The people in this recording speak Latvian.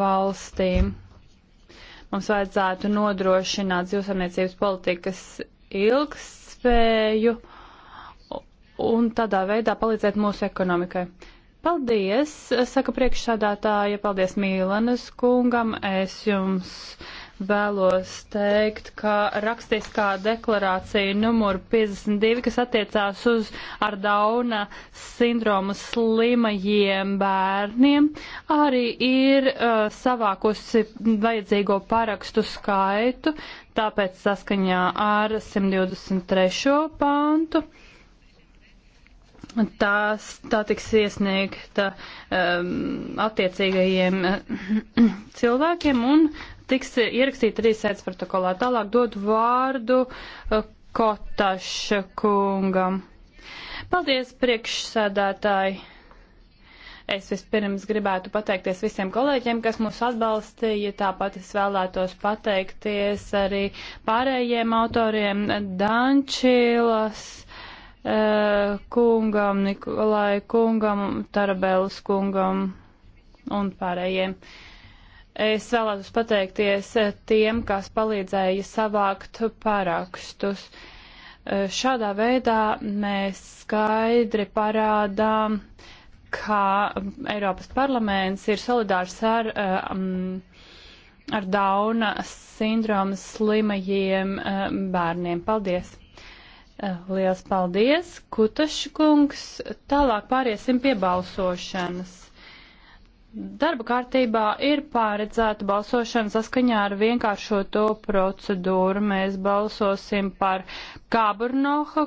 valstīm. Mums vajadzētu nodrošināt zivsaimniecības politikas ilgspēju un tādā veidā palīdzēt mūsu ekonomikai. Paldies, saka priekšsādātāja, paldies Mīlenes kungam, es jums vēlos teikt, ka rakstiskā deklarācija numur 52, kas attiecās uz ar Dauna sindromu slimajiem bērniem, arī ir uh, savākusi vajadzīgo parakstu skaitu, tāpēc saskaņā ar 123. pāntu. Tās, tā tiks iesniegta um, attiecīgajiem uh, cilvēkiem un tiks ierakstīta arī sēdes protokolā. Tālāk dodu vārdu uh, Kotaša kungam. Paldies, priekšsēdētāji! Es vispirms gribētu pateikties visiem kolēģiem, kas mūs atbalstīja. Tāpat es vēlētos pateikties arī pārējiem autoriem Dančīlas eh, uh, kungam, Nikolai kungam, Tarabēlas kungam un pārējiem. Uh, Es vēlētos pateikties eh, tiem, kas palīdzēja savākt parakstus. Eh, šādā veidā mēs skaidri parādām, ka mm, Eiropas parlaments ir solidārs ar, um, ar Dauna sindroma slimajiem um, bērniem. Paldies! Liels paldies, Kutaškungs! Tālāk pāriesim pie balsošanas. Darba kārtībā ir paredzēta balsošana saskaņā ar vienkāršoto procedūru. Mēs balsosim par Kabrnoha